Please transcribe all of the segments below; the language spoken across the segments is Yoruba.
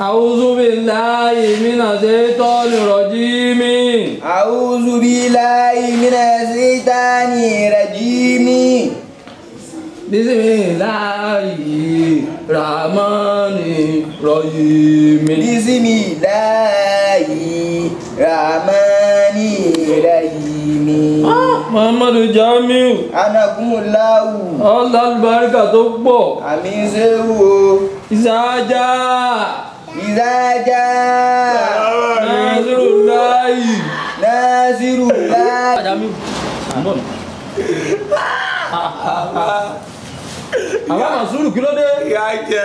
أعوذ بالله من الشيطان الرجيم أعوذ بالله من الشيطان الرجيم بسم الله الرحمن الرحيم بسم الله الرحمن الرحيم محمد Jamiu anagunmulawu ọlọlùbáríkà tó pọ̀ àmì ṣéwò ìsáájà ìzá jaa. nàásìrù láàyè. nàásìrù láàyè. àwa màsúrù kí ló dé. ìyá jẹ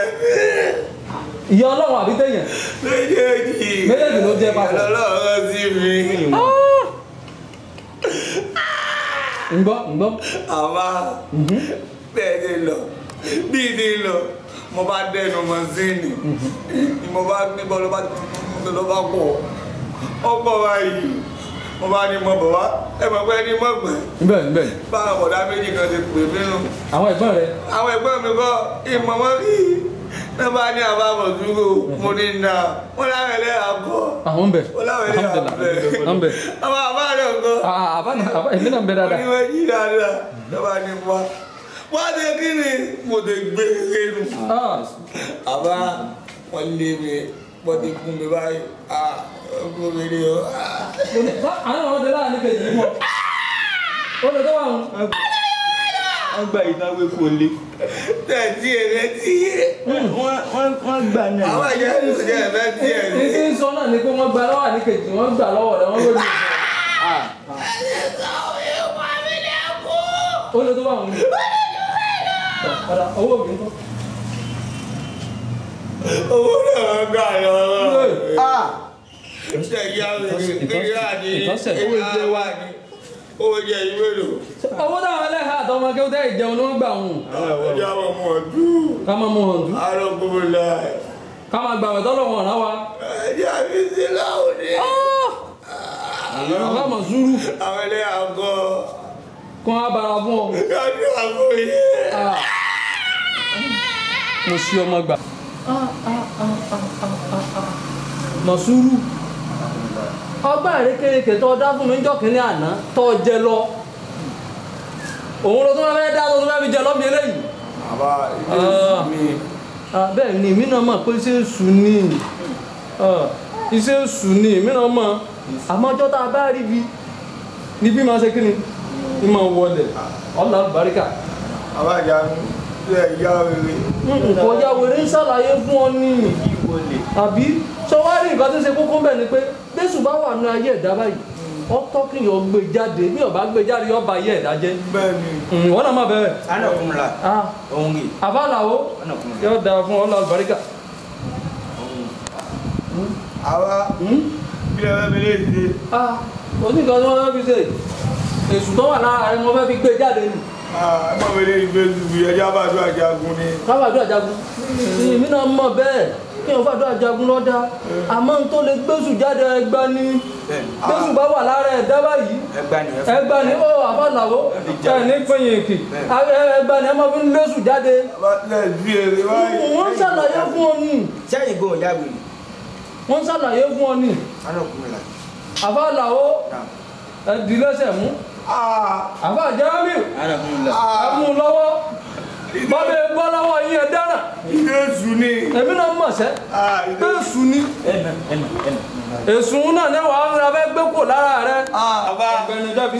ìyá ọlọ́run àbí tẹ̀yàn. méjèèjì méjèèjì ló jẹ papọ̀. ọlọ́run sí mi. Ah. ǹgbọ́ ǹgbọ́. àwa mhm. bẹ́ẹ̀ ni lọ bí ìdí lọ mo bá dẹnu mọ zini ni ni mo bá níbọ ló bá ló bá pọ ọgbọ báyìí mo bá ní mọ bọ wá ẹ mọ pé ní mọ gbẹ. níbẹ̀ níbẹ̀. bá àwọn ọ̀dà méjì kan ti pè mí nù. àwọn ẹ̀gbọ́n rẹ. àwọn ẹ̀gbọ́n mi kọ́ ìmọ̀ wọn rí náà bá ní àbábọ̀ dúró mo ní nà wọn láwọn ẹlẹ́ àbọ̀. àwọn ah, bẹ̀ wọn láwọn ẹlẹ́ àbẹ̀. àwọn àbá rẹ̀ ń kọ́. Ah, àbá ẹ̀mí náà ń bẹ dáadáa. oníwèé yí dáadáa lọ́ba ní wa wọ́n ṣe kí ni mo lè gbé rẹ́nu. E ah. àbá wọ́n lé mi wọ́n ti kún mi báyìí ah, ọkọ mi ni o. àwọn ọmọdé láwọn níbẹ̀ yìí mọ̀ ó ah. lọ tó wà wọn. wọ́n gba ìdáwé kú olé. tẹ̀sí ẹ̀rẹ́ tí hmm. wọ́n gbà náà. àwọn àjẹ́ ìṣẹ̀lẹ̀ ẹ̀rẹ́ tí ẹ̀rẹ́. èsì ń sọ náà ni pé wọ́n gba lọ́wọ́ àníkejì wọ́n gbà lọ́wọ́ rẹ̀ wọ́n lóde ìṣẹ̀lẹ̀. ó lọ tó wà wọn padà owó mi ń bọ̀. owó náà máa gbà lọ. ṣe ìyá mi ìyá ni ìyá wa ni owó jẹ ìwé lò. owó táwọn ẹlẹ́hà àtọmọ kí ó tẹ́ ìjẹun ló ń gbà wọn. àwọn ọjà wọn mọ̀ ọ́n dú. ká máa mọ̀ ọ́n dú. àlọ́ gbogbo láì. ká máa mo ṣí ọmọ gbà. mọ̀súrù ọgbà àrékérekè tó dá fún mi ń jọ́kìnrin àná tó jẹ lọ òun ló tún fẹ́ dá tó tún fẹ́ fi jẹ lọ́mí eléyìí. àbá ilé sùn mí. bẹ́ẹ̀ ni mí náà mọ̀ pé ṣé ń sùn ní iṣẹ́ ń sùn ní mí náà mọ̀ àmọ́jọ́ tá a bá rí bi níbí máa ṣe kí ni ìmọ̀ wọlé ọ̀là àlùbáríkà. àbá ìyá mi ìyá wèrè. nǹkan hmm, ìyá hmm, wèrè ń ṣàlàyé fún ọ ní àbí ṣọwárí nǹkan tó ṣe kókó bẹ́ẹ̀ ni pé bẹ́sù bá wà ní ayé ẹ̀dá báyìí ọ tọ́kì yọ gbé jáde bí ọba gbé jáde yọ ba ayé ẹ̀dá jẹ́. bẹ́ẹ̀ni. Hmm, wọn náà má bẹ̀rẹ̀. ana ohun yìí. àbálà o yóò dáa fún ọ lọ́wọ́ barika. àwa bí ẹ bẹ́ẹ̀ bẹ́ẹ̀ ṣe. oníkan tí wọ́n fẹ́ fi ṣe èsù tó wà lára rẹ̀ wọ́n fẹ́ fi gbé jáde nù ẹmọ mi lè gbé lùwì ẹjọ́ àbádọ́ àjagun ni. àbádọ́ àjagun mi náà mọ̀ bẹ́ẹ̀ kí n fàdọ́ àjagun lọ́dá eh. àmọ́ n tó lè gbésù jáde ẹgbà ni eh, gbésù ah. bá wà lára ẹ̀dá báyìí ẹgbà ni ó àfàlàwọ́ ẹ̀ní pẹ̀yìn èkì eh. ẹgbà ni ẹ máa fi ń gbésù jáde. wọ́n ṣàlàyé fún ọ ní. sẹ́yìn gbọ́n ìyá wèrè. wọ́n ṣàlàyé fún ọ ní. àfàlàwọ́ ẹ̀dínlẹ́sẹ̀ mú. Ah, àbá jamiu àmú ah, lọ́wọ́ bàbá bọ́ lọ́wọ́ yín ẹ dára. Jésù ni. èmi náà mọ̀ sẹ́. Ah, Jésù ni. èsùn náà ni wàá ra fẹ́ gbé kò lára rẹ. àbá ẹgbẹ́ni dàbí.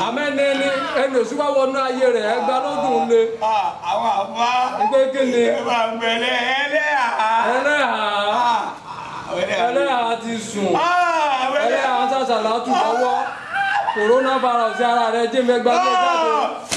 amẹ́nẹ́ni ẹni òṣùpá wọnú ayé rẹ̀ ẹgbẹ́ lọ́dún le. Ah, àwọn àbá ha kíni. ìgbà gbẹlẹ ẹlẹ́hà. ẹlẹ́hà ah, ẹlẹ́hà ti sùn ah, ẹlẹ́hà sàṣàlá tù lọ́wọ́ coronavirus ara rẹ̀ jẹ́ mẹ́gbàgbé jáde.